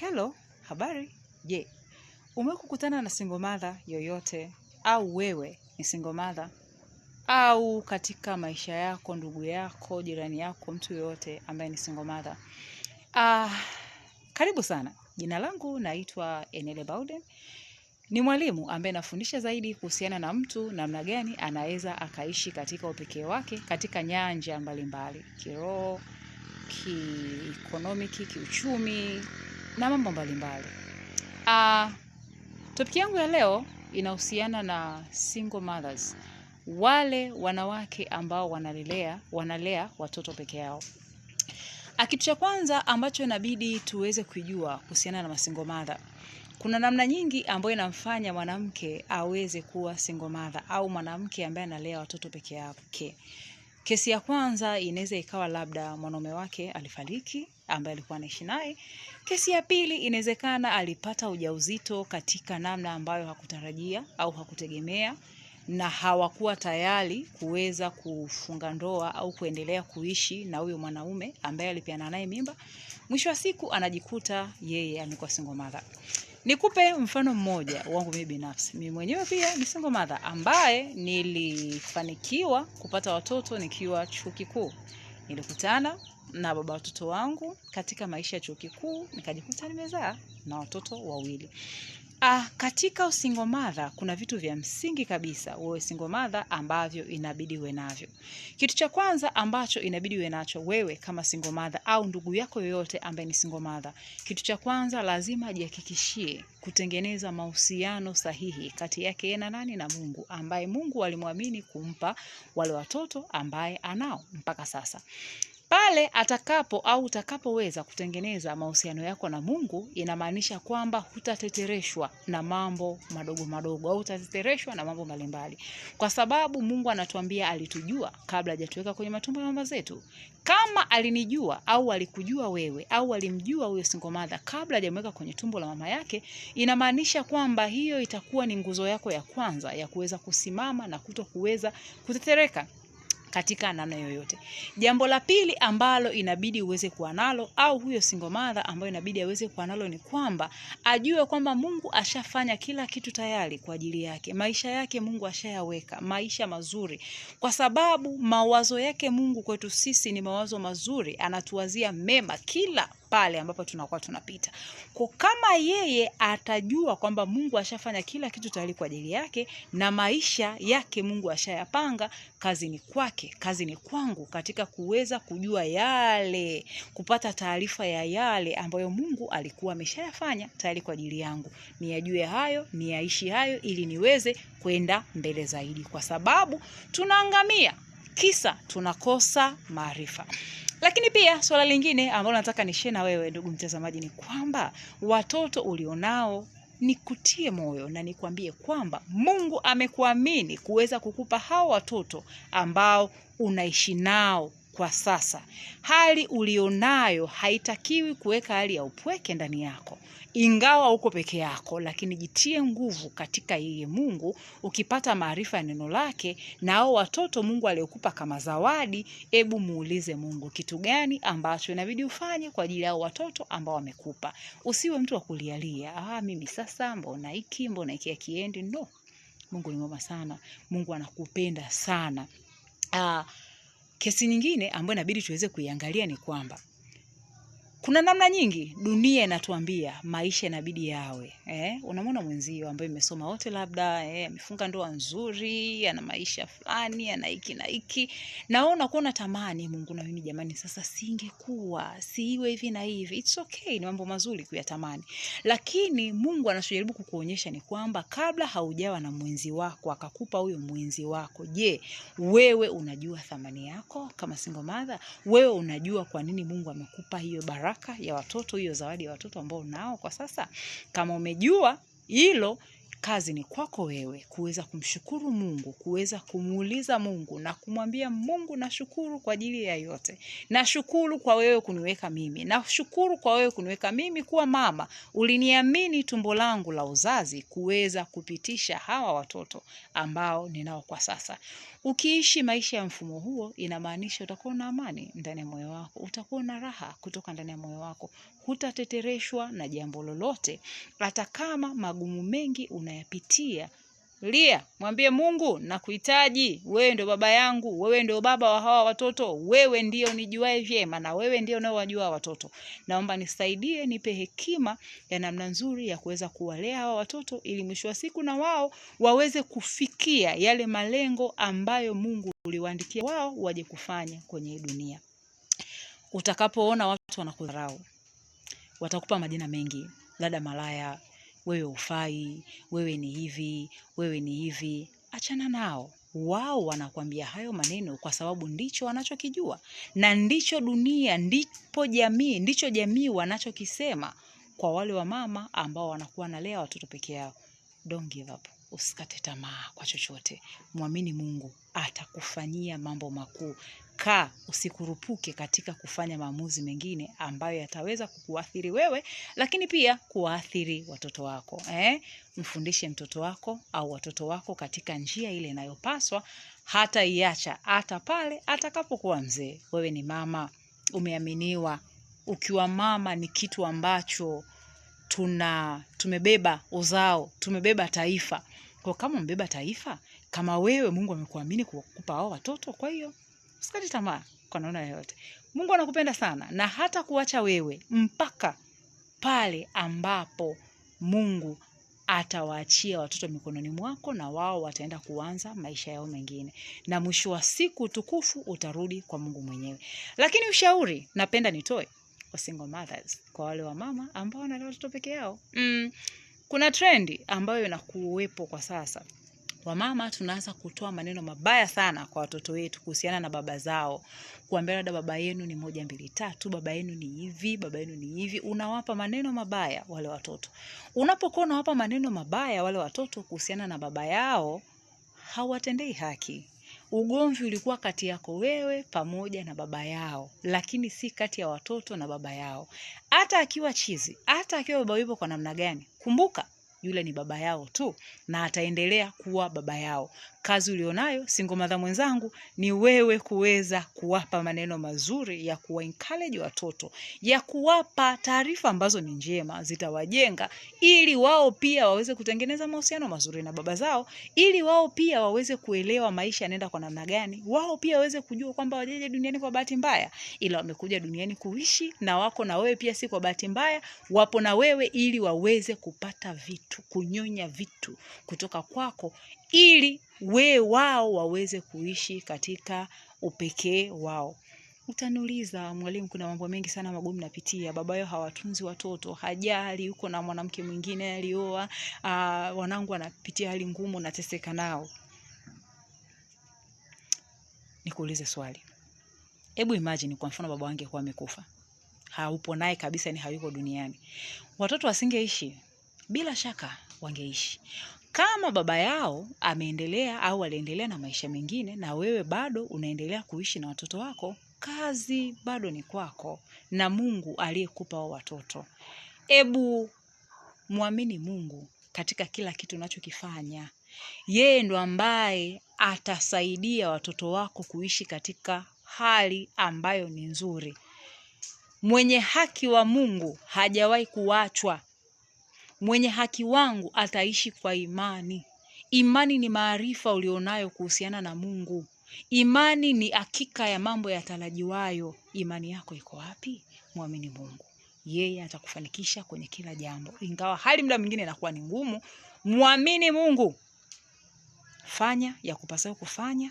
Hello, habari? Je, umekukutana na single mother yoyote au wewe ni single mother au katika maisha yako, ndugu yako, jirani yako, mtu yoyote ambaye ni single mother? Ah, karibu sana. Jina langu naitwa Enele Bauden. Ni mwalimu ambaye nafundisha zaidi kuhusiana na mtu namna gani anaweza akaishi katika upekee wake katika nyanja mbalimbali: kiroho, kiekonomiki, kiuchumi, na mambo mbalimbali. Uh, ah, topiki yangu ya leo inahusiana na single mothers, wale wanawake ambao wanalelea, wanalea watoto peke yao. Ah, kitu cha kwanza ambacho inabidi tuweze kujua kuhusiana na masingo mother kuna namna nyingi ambayo inamfanya mwanamke aweze kuwa single mother au mwanamke ambaye analea watoto peke yake. Kesi ya kwanza inaweza ikawa labda mwanaume wake alifariki, ambaye alikuwa anaishi naye. Kesi ya pili, inawezekana alipata ujauzito katika namna ambayo hakutarajia au hakutegemea na hawakuwa tayari kuweza kufunga ndoa au kuendelea kuishi na huyo mwanaume ambaye alipeana naye mimba. Mwisho wa siku anajikuta yeye amekuwa single mother. Nikupe mfano mmoja wangu mimi binafsi. Mimi mwenyewe pia ni single mother ambaye nilifanikiwa kupata watoto nikiwa chuo kikuu. Nilikutana na baba watoto wangu katika maisha ya chuo kikuu, nikajikuta nimezaa na watoto wawili. Ah, katika usingle mother kuna vitu vya msingi kabisa wewe single mother ambavyo inabidi uwe navyo. Kitu cha kwanza ambacho inabidi uwe nacho wewe kama single mother au ndugu yako yoyote ambaye ni single mother, kitu cha kwanza lazima ajihakikishie kutengeneza mahusiano sahihi kati yake na nani? Na Mungu, ambaye Mungu alimwamini kumpa wale watoto ambaye anao mpaka sasa. Pale atakapo au utakapoweza kutengeneza mahusiano yako na Mungu, inamaanisha kwamba hutatetereshwa na mambo madogo madogo au utatetereshwa na mambo mbalimbali, kwa sababu Mungu anatuambia alitujua kabla hajatuweka kwenye matumbo ya mama zetu. Kama alinijua au alikujua wewe au alimjua huyo singomadha kabla hajamweka kwenye tumbo la mama yake, inamaanisha kwamba hiyo itakuwa ni nguzo yako ya kwanza ya kuweza kusimama na kuto kuweza kutetereka katika namna yoyote. Jambo la pili ambalo inabidi uweze kuwa nalo au huyo single mother ambayo inabidi aweze kuwa nalo ni kwamba ajue kwamba Mungu ashafanya kila kitu tayari kwa ajili yake. Maisha yake Mungu ashayaweka, maisha mazuri. Kwa sababu mawazo yake Mungu kwetu sisi ni mawazo mazuri, anatuwazia mema kila pale ambapo tunakuwa tunapita. Kwa kama yeye atajua kwamba Mungu ashafanya kila kitu tayari kwa ajili yake na maisha yake Mungu ashayapanga, kazi ni kwake, kazi ni kwangu katika kuweza kujua yale, kupata taarifa ya yale ambayo Mungu alikuwa ameshayafanya tayari kwa ajili yangu. Niyajue hayo, niyaishi hayo ili niweze kwenda mbele zaidi kwa sababu tunaangamia kisa tunakosa maarifa. Lakini pia swala lingine ambalo nataka nishie na wewe ndugu mtazamaji ni kwamba watoto ulionao nikutie moyo na nikwambie kwamba Mungu amekuamini kuweza kukupa hao watoto ambao unaishi nao kwa sasa. Hali ulionayo haitakiwi kuweka hali ya upweke ndani yako, ingawa uko peke yako, lakini jitie nguvu katika yeye Mungu, ukipata maarifa ya neno lake na hao watoto Mungu aliokupa kama zawadi. Ebu muulize Mungu kitu gani ambacho inabidi ufanye kwa ajili ya watoto ambao wamekupa. Usiwe mtu wa kulialia, ah, mimi sasa, mbona hiki mbona hiki akiendi. No, Mungu ni mwema sana, Mungu anakupenda sana. Ah, Kesi nyingine ambayo inabidi tuweze kuiangalia ni kwamba kuna namna nyingi dunia inatuambia maisha inabidi yawe eh? unamwona mwenzio ambaye imesoma wote labda eh, amefunga ndoa nzuri ana maisha fulani ana hiki na hiki na wewe unakuwa unatamani mungu na mimi jamani sasa singekuwa siiwe hivi na hivi it's okay ni mambo mazuri kuyatamani lakini mungu anachojaribu kukuonyesha ni kwamba kabla haujawa na mwenzi wako akakupa huyo mwenzi wako je wewe unajua thamani yako kama single mother wewe unajua kwa nini mungu amekupa hiyo baraka baraka ya watoto, hiyo zawadi ya watoto ambao nao kwa sasa. Kama umejua hilo kazi ni kwako wewe kuweza kumshukuru Mungu, kuweza kumuuliza Mungu na kumwambia Mungu, nashukuru kwa ajili ya yote. Nashukuru kwa wewe kuniweka mimi, nashukuru kwa wewe kuniweka mimi kuwa mama. Uliniamini tumbo langu la uzazi kuweza kupitisha hawa watoto ambao ninao kwa sasa. Ukiishi maisha ya mfumo huo, inamaanisha utakuwa na amani ndani ya moyo wako, utakuwa na raha kutoka ndani ya moyo wako, hutatetereshwa na jambo lolote, hata kama magumu mengi unayapitia lia, mwambie Mungu nakuhitaji, wewe ndio baba yangu, wewe ndio baba wa hawa watoto, wewe ndio nijuae vyema na wewe ndio unaowajua watoto. Naomba nisaidie, nipe hekima ya namna nzuri ya kuweza kuwalea hawa watoto, ili mwisho wa siku na wao waweze kufikia yale malengo ambayo Mungu uliwaandikia wao waje kufanya kwenye dunia. Utakapoona watu wanakudharau, watakupa majina mengi, labda malaya wewe hufai, wewe ni hivi, wewe ni hivi. Achana nao. Wao wanakwambia hayo maneno kwa sababu ndicho wanachokijua na ndicho dunia, ndipo jamii, ndicho jamii wanachokisema kwa wale wa mama ambao wanakuwa nalea watoto peke yao. Don't give up. Usikate tamaa kwa chochote, mwamini Mungu atakufanyia mambo makuu kaa usikurupuke katika kufanya maamuzi mengine ambayo yataweza kukuathiri wewe, lakini pia kuwaathiri watoto wako eh? Mfundishe mtoto wako au watoto wako katika njia ile inayopaswa, hata iacha hata pale atakapokuwa mzee. Wewe ni mama, umeaminiwa. Ukiwa mama ni kitu ambacho tuna tumebeba uzao, tumebeba taifa. Kwa kama umebeba taifa, kama wewe Mungu amekuamini kukupa hao watoto, kwa hiyo usikate tamaa kwa namna yoyote. Mungu anakupenda sana na hata kuacha wewe mpaka pale ambapo Mungu atawaachia watoto mikononi mwako na wao wataenda kuanza maisha yao mengine, na mwisho wa siku utukufu utarudi kwa Mungu mwenyewe. Lakini ushauri napenda nitoe kwa single mothers, kwa wale wa mama ambao wanalea watoto peke yao mm. Kuna trendi ambayo inakuwepo kwa sasa wamama tunaanza kutoa maneno mabaya sana kwa watoto wetu kuhusiana na baba zao, kuambia labda baba yenu ni moja mbili tatu, baba yenu ni hivi, baba yenu ni hivi. Unawapa maneno mabaya wale watoto. Unapokuwa unawapa maneno mabaya wale watoto kuhusiana na baba yao, hawatendei haki. Ugomvi ulikuwa kati yako wewe pamoja na baba yao, lakini si kati ya watoto na baba yao. Hata akiwa chizi, hata akiwa baba yupo kwa namna gani, kumbuka yule ni baba yao tu na ataendelea kuwa baba yao kazi ulionayo single mother mwenzangu ni wewe kuweza kuwapa maneno mazuri ya kuwa encourage watoto ya kuwapa taarifa ambazo ni njema zitawajenga ili wao pia waweze kutengeneza mahusiano mazuri na baba zao ili wao pia waweze kuelewa maisha yanaenda kwa namna gani wao pia waweze kujua kwamba wajeje duniani kwa bahati mbaya ila wamekuja duniani kuishi na wako na wewe pia si kwa bahati mbaya wapo na wewe ili waweze kupata vitu kunyonya vitu kutoka kwako ili we wao waweze kuishi katika upekee wao. Utaniuliza mwalimu, kuna mambo mengi sana magumu napitia, babayo hawatunzi watoto, hajali, yuko na mwanamke mwingine alioa, ah, wanangu wanapitia hali ngumu, nateseka nao. Nikuulize swali, hebu imagine kwa mfano baba wangu kuwa amekufa, haupo naye kabisa, ni hayuko duniani, watoto wasingeishi? Bila shaka wangeishi. Kama baba yao ameendelea au aliendelea na maisha mengine na wewe bado unaendelea kuishi na watoto wako, kazi bado ni kwako na Mungu aliyekupa wa watoto. Ebu mwamini Mungu katika kila kitu unachokifanya. Yeye ndo ambaye atasaidia watoto wako kuishi katika hali ambayo ni nzuri. Mwenye haki wa Mungu hajawahi kuachwa mwenye haki wangu ataishi kwa imani. Imani ni maarifa ulionayo kuhusiana na Mungu. Imani ni hakika ya mambo yatarajiwayo. Imani yako iko wapi? Mwamini Mungu, yeye atakufanikisha kwenye kila jambo, ingawa hali muda mwingine inakuwa ni ngumu. Mwamini Mungu, fanya ya kupasao kufanya,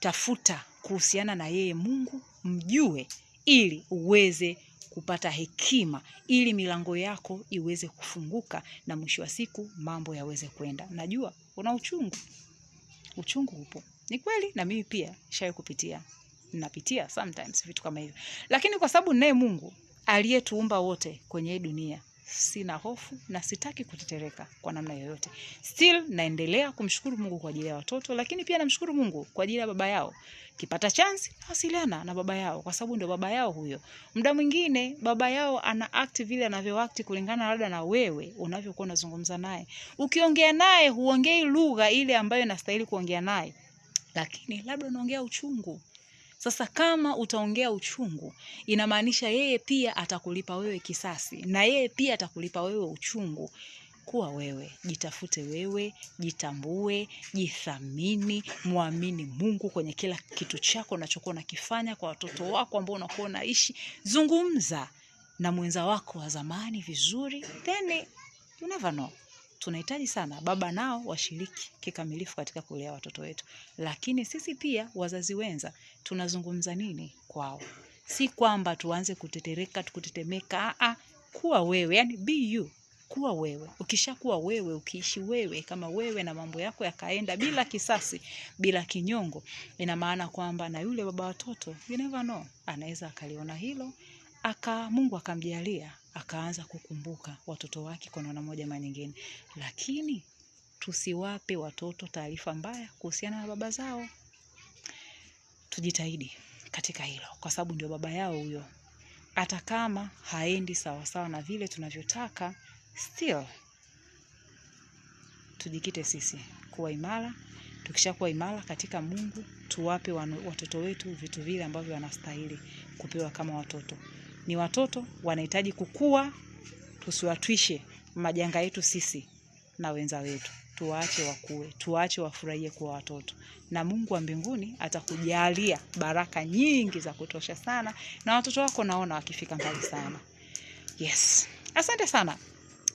tafuta kuhusiana na yeye Mungu, mjue ili uweze kupata hekima ili milango yako iweze kufunguka na mwisho wa siku mambo yaweze kwenda. Najua una uchungu. Uchungu upo. Ni kweli na mimi pia nishawahi kupitia. napitia sometimes vitu kama hivyo. Lakini kwa sababu naye Mungu aliyetuumba wote kwenye dunia sina hofu na sitaki kutetereka kwa namna yoyote. Still naendelea kumshukuru Mungu kwa ajili ya watoto, lakini pia namshukuru Mungu kwa ajili ya baba yao. Kipata chance nawasiliana na baba yao kwa sababu ndio baba yao huyo. Muda mwingine baba yao ana act vile anavyoact kulingana labda na wewe unavyokuwa unazungumza naye. Ukiongea naye huongei lugha ile ambayo inastahili kuongea naye. Lakini labda unaongea uchungu, sasa kama utaongea uchungu, inamaanisha yeye pia atakulipa wewe kisasi na yeye pia atakulipa wewe uchungu. Kuwa wewe, jitafute wewe, jitambue, jithamini, mwamini Mungu kwenye kila kitu chako unachokuwa unakifanya, kwa watoto wako ambao unakuwa unaishi. Zungumza na mwenza wako wa zamani vizuri, then you never know tunahitaji sana baba nao washiriki kikamilifu katika kulea watoto wetu, lakini sisi pia wazazi wenza tunazungumza nini kwao? Si kwamba tuanze kutetereka tukutetemeka. Aa, kuwa wewe, yani be you, kuwa wewe. Ukishakuwa wewe, ukiishi wewe kama wewe, na mambo yako yakaenda bila kisasi, bila kinyongo, ina maana kwamba na yule baba watoto, you never know, anaweza akaliona hilo aka Mungu akamjalia akaanza kukumbuka watoto wake kwa namna moja ama nyingine, lakini tusiwape watoto taarifa mbaya kuhusiana na baba zao. Tujitahidi katika hilo, kwa sababu ndio baba yao huyo. Hata kama haendi sawasawa sawa na vile tunavyotaka, still tujikite sisi kuwa imara. kuwa imara katika Mungu, tuwape watoto wetu vitu vile ambavyo wanastahili kupewa kama watoto ni watoto wanahitaji kukua, tusiwatwishe majanga yetu sisi na wenza wetu. Tuwaache wakue, tuwaache wafurahie kuwa watoto, na Mungu wa mbinguni atakujalia baraka nyingi za kutosha sana, na watoto wako naona wakifika mbali sana. Yes, asante sana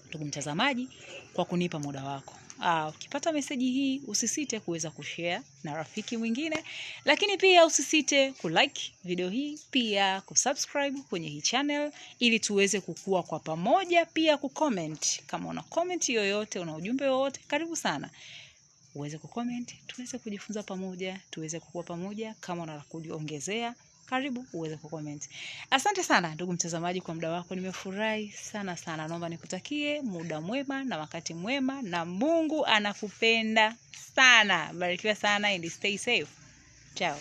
ndugu mtazamaji kwa kunipa muda wako. Ah, ukipata meseji hii usisite kuweza kushare na rafiki mwingine, lakini pia usisite kulike video hii, pia kusubscribe kwenye hii channel ili tuweze kukua kwa pamoja, pia kucomment. Kama una comment yoyote, una ujumbe wowote, karibu sana uweze kucomment, tuweze kujifunza pamoja, tuweze kukua pamoja. Kama una la kuongezea karibu uweze kukoment Asante sana ndugu mtazamaji kwa muda wako, nimefurahi sana sana. Naomba nikutakie muda mwema na wakati mwema, na Mungu anakupenda sana. Barikiwa sana and stay safe. Ciao.